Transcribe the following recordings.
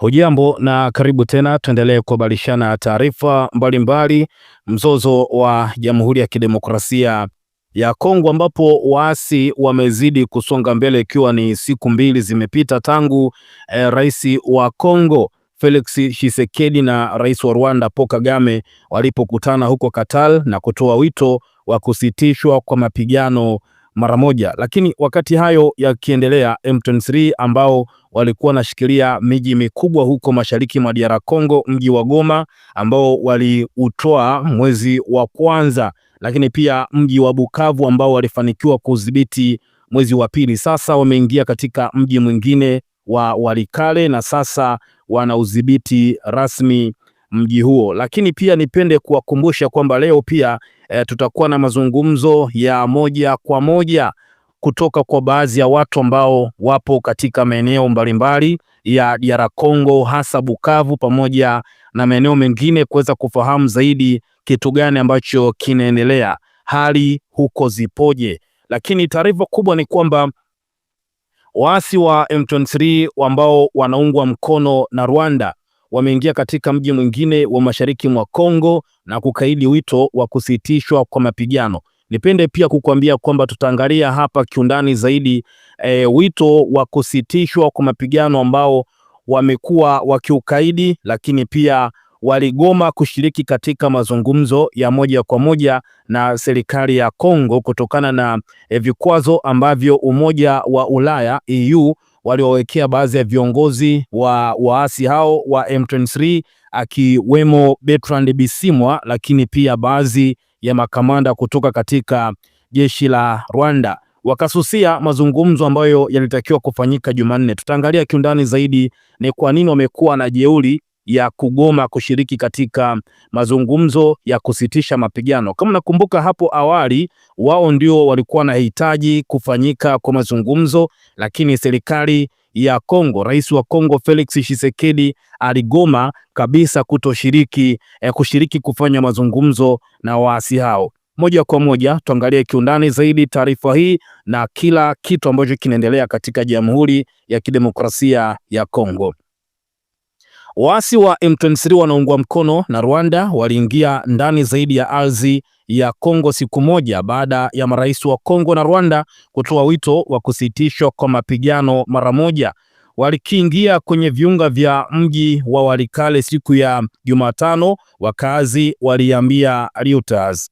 Hujambo na karibu tena, tuendelee kubadilishana taarifa mbalimbali. Mzozo wa Jamhuri ya Kidemokrasia ya Kongo ambapo waasi wamezidi kusonga mbele, ikiwa ni siku mbili zimepita tangu eh, rais wa Kongo Felix Tshisekedi na rais wa Rwanda Paul Kagame walipokutana huko Katal na kutoa wito wa kusitishwa kwa mapigano mara moja. Lakini wakati hayo yakiendelea, M23 ambao walikuwa wanashikilia miji mikubwa huko mashariki mwa DR Congo, mji wa Goma ambao waliutoa mwezi wa kwanza, lakini pia mji wa Bukavu ambao walifanikiwa kudhibiti mwezi wa pili. Sasa wameingia katika mji mwingine wa Walikale na sasa wanaudhibiti rasmi mji huo. Lakini pia nipende kuwakumbusha kwamba leo pia e, tutakuwa na mazungumzo ya moja kwa moja kutoka kwa baadhi ya watu ambao wapo katika maeneo mbalimbali ya DR Congo, hasa Bukavu pamoja na maeneo mengine, kuweza kufahamu zaidi kitu gani ambacho kinaendelea, hali huko zipoje. Lakini taarifa kubwa ni kwamba waasi wa M23 ambao wanaungwa mkono na Rwanda wameingia katika mji mwingine wa mashariki mwa Kongo na kukaidi wito wa kusitishwa kwa mapigano. Nipende pia kukuambia kwamba tutaangalia hapa kiundani zaidi e, wito wa kusitishwa kwa mapigano ambao wamekuwa wakiukaidi, lakini pia waligoma kushiriki katika mazungumzo ya moja kwa moja na serikali ya Kongo kutokana na e, vikwazo ambavyo Umoja wa Ulaya EU waliowekea baadhi ya viongozi wa waasi hao wa M23 akiwemo Bertrand Bisimwa, lakini pia baadhi ya makamanda kutoka katika jeshi la Rwanda wakasusia mazungumzo ambayo yalitakiwa kufanyika Jumanne. Tutaangalia kiundani zaidi ni kwa nini wamekuwa na jeuri ya kugoma kushiriki katika mazungumzo ya kusitisha mapigano. Kama nakumbuka, hapo awali wao ndio walikuwa hitaji kufanyika kwa mazungumzo, lakini serikali ya Kongo, rais wa Kongo Felix Tshisekedi aligoma kabisa kutoshiriki eh, kushiriki kufanya mazungumzo na waasi hao. Moja kwa moja tuangalie kiundani zaidi taarifa hii na kila kitu ambacho kinaendelea katika Jamhuri ya Kidemokrasia ya Kongo. Waasi wa M23 wanaungwa mkono na Rwanda waliingia ndani zaidi ya ardhi ya Kongo siku moja baada ya marais wa Kongo na Rwanda kutoa wito wa kusitishwa kwa mapigano mara moja. Walikiingia kwenye viunga vya mji wa Walikale siku ya Jumatano, wakazi waliambia Reuters.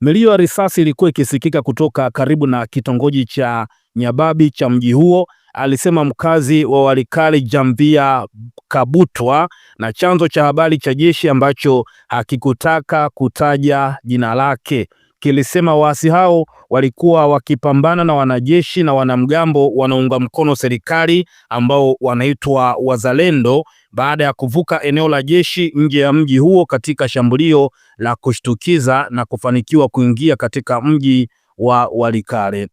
Milio ya risasi ilikuwa ikisikika kutoka karibu na kitongoji cha Nyababi cha mji huo alisema mkazi wa Walikale Jambia Kabutwa, na chanzo cha habari cha jeshi ambacho hakikutaka kutaja jina lake kilisema waasi hao walikuwa wakipambana na wanajeshi na wanamgambo wanaunga mkono serikali ambao wanaitwa Wazalendo baada ya kuvuka eneo la jeshi nje ya mji huo katika shambulio la kushtukiza na kufanikiwa kuingia katika mji wa Walikale.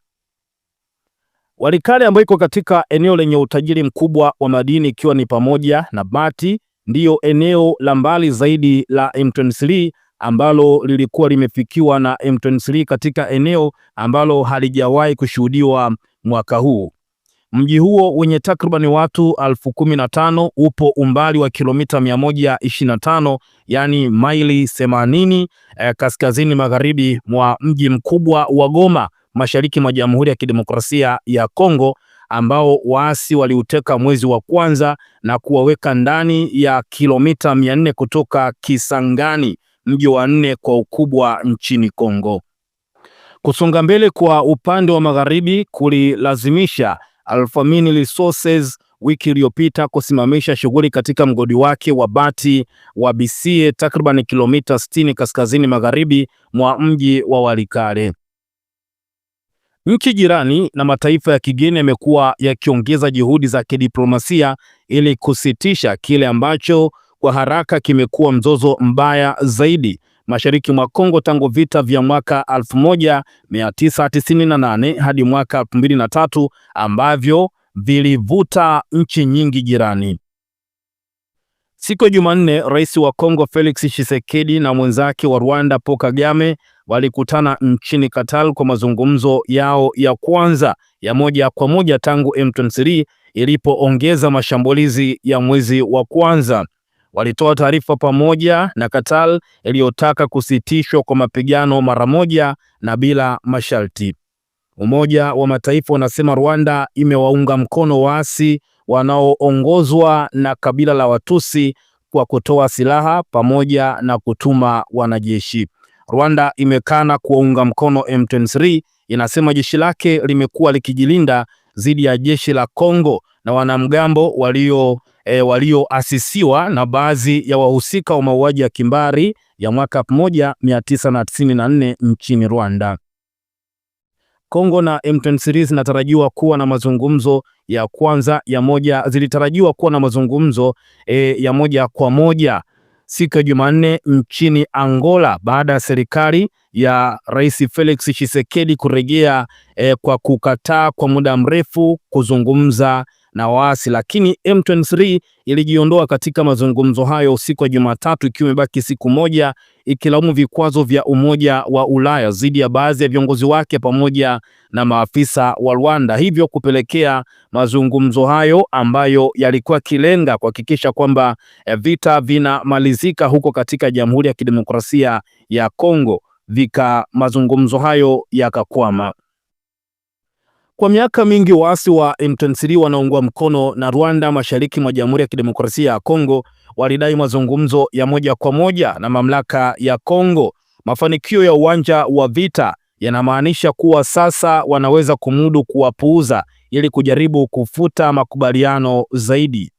Walikale ambayo iko katika eneo lenye utajiri mkubwa wa madini ikiwa ni pamoja na bati, ndiyo eneo la mbali zaidi la M23 ambalo lilikuwa limefikiwa na M23 katika eneo ambalo halijawahi kushuhudiwa mwaka huu. Mji huo wenye takribani watu elfu kumi na tano upo umbali wa kilomita 125 yani maili 80 eh, kaskazini magharibi mwa mji mkubwa wa Goma mashariki mwa Jamhuri ya Kidemokrasia ya Kongo ambao waasi waliuteka mwezi wa kwanza na kuwaweka ndani ya kilomita 400 kutoka Kisangani, mji wa nne kwa ukubwa nchini Kongo. Kusonga mbele kwa upande wa magharibi kulilazimisha alpha Resources wiki iliyopita kusimamisha shughuli katika mgodi wake wa bati wa Bisie takriban kilomita 60 kaskazini magharibi mwa mji wa Walikale. Nchi jirani na mataifa ya kigeni yamekuwa yakiongeza juhudi za kidiplomasia ili kusitisha kile ambacho kwa haraka kimekuwa mzozo mbaya zaidi mashariki mwa Kongo tangu vita vya mwaka 1998 hadi mwaka 2003 ambavyo vilivuta nchi nyingi jirani. Siku ya Jumanne, Rais wa Kongo Felix Tshisekedi na mwenzake wa Rwanda Paul Kagame walikutana nchini Qatar kwa mazungumzo yao ya kwanza ya moja kwa moja tangu M23 ilipoongeza mashambulizi ya mwezi wa kwanza. Walitoa taarifa pamoja na Qatar iliyotaka kusitishwa kwa mapigano mara moja na bila masharti. Umoja wa Mataifa unasema Rwanda imewaunga mkono waasi wanaoongozwa na kabila la Watusi kwa kutoa silaha pamoja na kutuma wanajeshi. Rwanda imekana kuwaunga mkono M23, inasema jeshi lake limekuwa likijilinda dhidi ya jeshi la Kongo na wanamgambo walio e, walioasisiwa na baadhi ya wahusika wa mauaji ya kimbari ya mwaka 1994 nchini Rwanda. Kongo na M23 zinatarajiwa kuwa na mazungumzo ya kwanza ya moja, zilitarajiwa kuwa na mazungumzo e, ya moja kwa moja siku ya Jumanne nchini Angola baada ya serikali ya Rais Felix Tshisekedi kurejea e, kwa kukataa kwa muda mrefu kuzungumza na waasi, lakini M23 ilijiondoa katika mazungumzo hayo usiku wa Jumatatu, ikiwa imebaki siku moja, ikilaumu vikwazo vya Umoja wa Ulaya dhidi ya baadhi ya viongozi wake pamoja na maafisa wa Rwanda, hivyo kupelekea mazungumzo hayo ambayo yalikuwa kilenga kuhakikisha kwamba eh, vita vinamalizika huko katika Jamhuri ya Kidemokrasia ya Kongo, vika mazungumzo hayo yakakwama. Kwa miaka mingi waasi wa M23 wanaungwa mkono na Rwanda mashariki mwa Jamhuri ya Kidemokrasia ya Kongo walidai mazungumzo ya moja kwa moja na mamlaka ya Kongo. Mafanikio ya uwanja wa vita yanamaanisha kuwa sasa wanaweza kumudu kuwapuuza ili kujaribu kufuta makubaliano zaidi.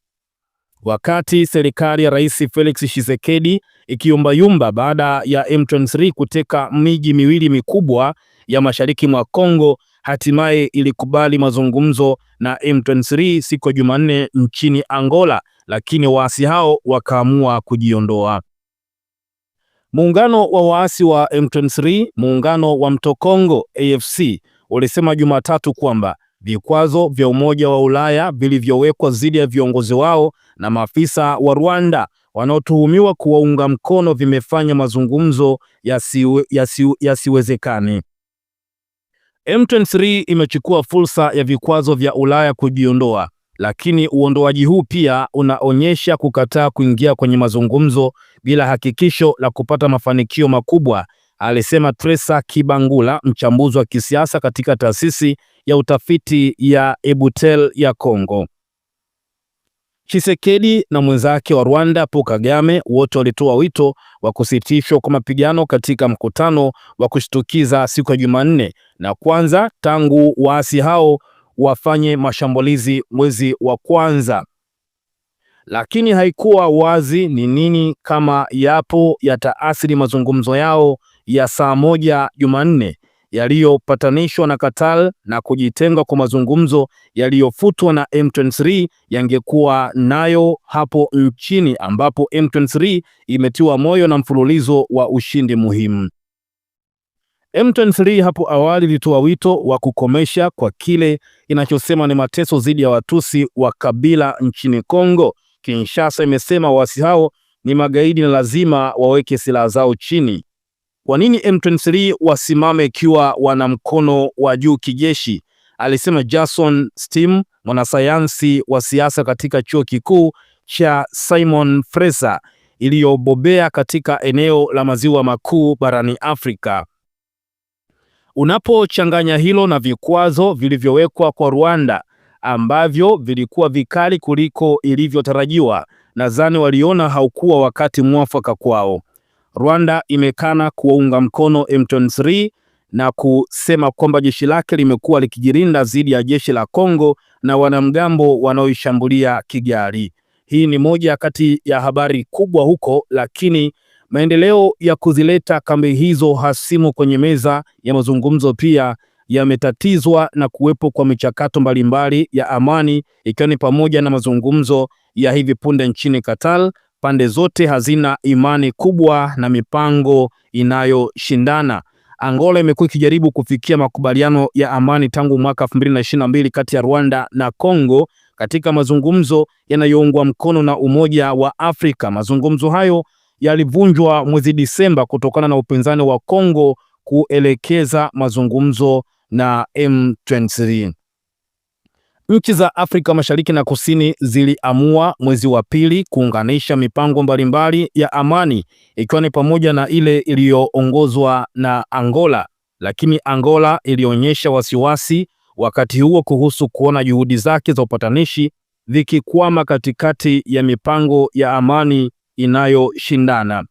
Wakati serikali ya Rais Felix Tshisekedi ikiyumbayumba baada ya M23 kuteka miji miwili mikubwa ya mashariki mwa Kongo, hatimaye ilikubali mazungumzo na M23 siku ya Jumanne nchini Angola, lakini waasi hao wakaamua kujiondoa. Muungano wa waasi wa M23, muungano wa Mto Kongo AFC, ulisema Jumatatu kwamba vikwazo vya Umoja wa Ulaya vilivyowekwa dhidi ya viongozi wao na maafisa wa Rwanda wanaotuhumiwa kuwaunga mkono vimefanya mazungumzo yasiwezekani. M23 imechukua fursa ya vikwazo vya Ulaya kujiondoa, lakini uondoaji huu pia unaonyesha kukataa kuingia kwenye mazungumzo bila hakikisho la kupata mafanikio makubwa, alisema Tresa Kibangula, mchambuzi wa kisiasa katika taasisi ya utafiti ya Ebutel ya Kongo chisekedi na mwenzake wa Rwanda Paul Kagame wote walitoa wito wa kusitishwa kwa mapigano katika mkutano wa kushtukiza siku ya Jumanne, na kwanza tangu waasi hao wafanye mashambulizi mwezi wa kwanza, lakini haikuwa wazi ni nini kama yapo yataathiri mazungumzo yao ya saa moja Jumanne yaliyopatanishwa na Qatar na kujitenga kwa mazungumzo yaliyofutwa na M23 yangekuwa nayo hapo nchini, ambapo M23 imetiwa moyo na mfululizo wa ushindi muhimu. M23 hapo awali ilitoa wito wa kukomesha kwa kile inachosema ni mateso dhidi ya Watusi wa kabila nchini Kongo. Kinshasa imesema waasi hao ni magaidi na lazima waweke silaha zao chini. Kwa nini M23 wasimame ikiwa wana mkono wa juu kijeshi? Alisema Jason Steam, mwanasayansi wa siasa katika chuo kikuu cha Simon Fraser iliyobobea katika eneo la maziwa makuu barani Afrika. Unapochanganya hilo na vikwazo vilivyowekwa kwa Rwanda ambavyo vilikuwa vikali kuliko ilivyotarajiwa, nadhani waliona haukuwa wakati mwafaka kwao. Rwanda imekana kuwaunga mkono M23 na kusema kwamba jeshi lake limekuwa likijilinda dhidi ya jeshi la Kongo na wanamgambo wanaoishambulia Kigali. Hii ni moja kati ya habari kubwa huko, lakini maendeleo ya kuzileta kambi hizo hasimu kwenye meza ya mazungumzo pia yametatizwa na kuwepo kwa michakato mbalimbali ya amani, ikiwa ni pamoja na mazungumzo ya hivi punde nchini Qatar Pande zote hazina imani kubwa na mipango inayoshindana. Angola imekuwa ikijaribu kufikia makubaliano ya amani tangu mwaka 2022 kati ya Rwanda na Kongo katika mazungumzo yanayoungwa mkono na Umoja wa Afrika. Mazungumzo hayo yalivunjwa mwezi Disemba kutokana na upinzani wa Kongo kuelekeza mazungumzo na M23. Nchi za Afrika Mashariki na Kusini ziliamua mwezi wa pili kuunganisha mipango mbalimbali ya amani ikiwa ni pamoja na ile iliyoongozwa na Angola, lakini Angola ilionyesha wasiwasi wakati huo kuhusu kuona juhudi zake za upatanishi zikikwama katikati ya mipango ya amani inayoshindana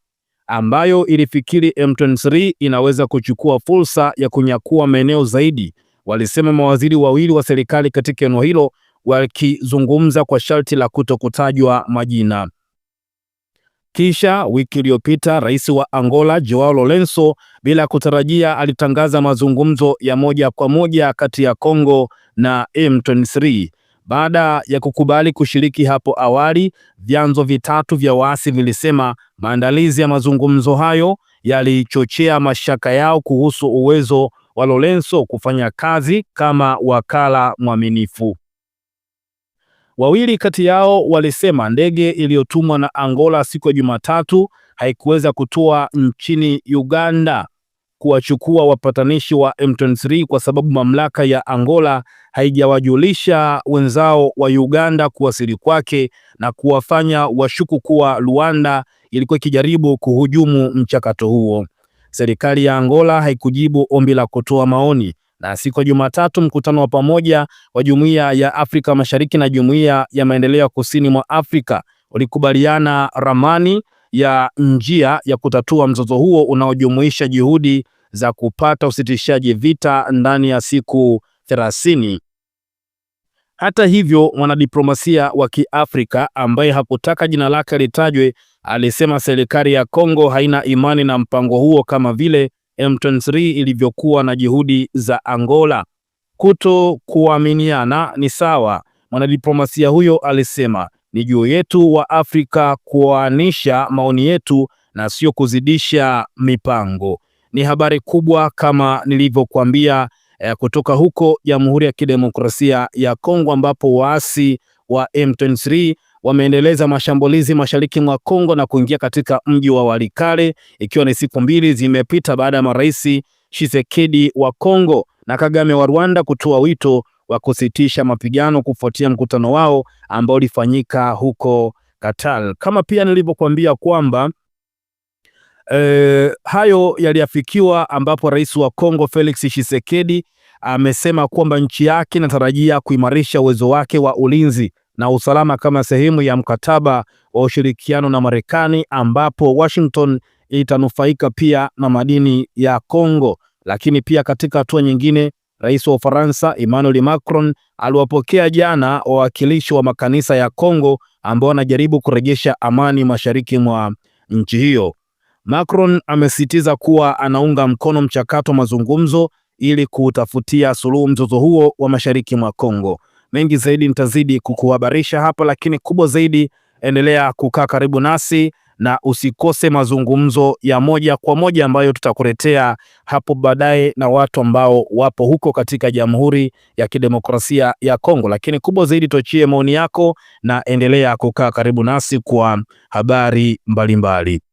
ambayo ilifikiri M23 inaweza kuchukua fursa ya kunyakua maeneo zaidi walisema mawaziri wawili wa serikali katika eneo hilo wakizungumza kwa sharti la kutokutajwa majina. Kisha wiki iliyopita rais wa Angola Joao Lourenço bila kutarajia alitangaza mazungumzo ya moja kwa moja kati ya Congo na M23 baada ya kukubali kushiriki hapo awali. Vyanzo vitatu vya waasi vilisema maandalizi ya mazungumzo hayo yalichochea mashaka yao kuhusu uwezo wa Lorenzo kufanya kazi kama wakala mwaminifu. Wawili kati yao walisema ndege iliyotumwa na Angola siku ya Jumatatu haikuweza kutoa nchini Uganda kuwachukua wapatanishi wa M23 kwa sababu mamlaka ya Angola haijawajulisha wenzao wa Uganda kuwasili kwake na kuwafanya washuku kuwa luanda ilikuwa ikijaribu kuhujumu mchakato huo serikali ya Angola haikujibu ombi la kutoa maoni, na siku ya Jumatatu mkutano wa pamoja wa Jumuiya ya Afrika Mashariki na Jumuiya ya Maendeleo ya Kusini mwa Afrika ulikubaliana ramani ya njia ya kutatua mzozo huo unaojumuisha juhudi za kupata usitishaji vita ndani ya siku 30. Hata hivyo, mwanadiplomasia wa Kiafrika ambaye hakutaka jina lake litajwe alisema serikali ya Kongo haina imani na mpango huo kama vile M23 ilivyokuwa na juhudi za Angola. Kuto kuaminiana ni sawa, mwanadiplomasia huyo alisema. Ni juu yetu wa Afrika kuanisha maoni yetu na sio kuzidisha mipango. Ni habari kubwa kama nilivyokuambia, eh, kutoka huko Jamhuri ya, ya Kidemokrasia ya Kongo ambapo waasi wa M23 wameendeleza mashambulizi mashariki mwa Kongo na kuingia katika mji wa Walikale, ikiwa ni siku mbili zimepita baada ya marais Tshisekedi wa Kongo na Kagame wa Rwanda kutoa wito wa kusitisha mapigano kufuatia mkutano wao ambao ulifanyika huko katal Kama pia nilivyokuambia kwamba e, hayo yaliafikiwa ambapo rais wa Kongo Felix Tshisekedi amesema kwamba nchi yake inatarajia kuimarisha uwezo wake wa ulinzi na usalama kama sehemu ya mkataba wa ushirikiano na Marekani, ambapo Washington itanufaika pia na madini ya Kongo. Lakini pia katika hatua nyingine, rais wa Ufaransa Emmanuel Macron aliwapokea jana wawakilishi wa makanisa ya Kongo ambao wanajaribu kurejesha amani mashariki mwa nchi hiyo. Macron amesisitiza kuwa anaunga mkono mchakato wa mazungumzo ili kutafutia suluhu mzozo huo wa mashariki mwa Kongo mengi zaidi nitazidi kukuhabarisha hapa, lakini kubwa zaidi, endelea kukaa karibu nasi na usikose mazungumzo ya moja kwa moja ambayo tutakuletea hapo baadaye na watu ambao wapo huko katika Jamhuri ya Kidemokrasia ya Kongo. Lakini kubwa zaidi, tuachie maoni yako na endelea kukaa karibu nasi kwa habari mbalimbali mbali.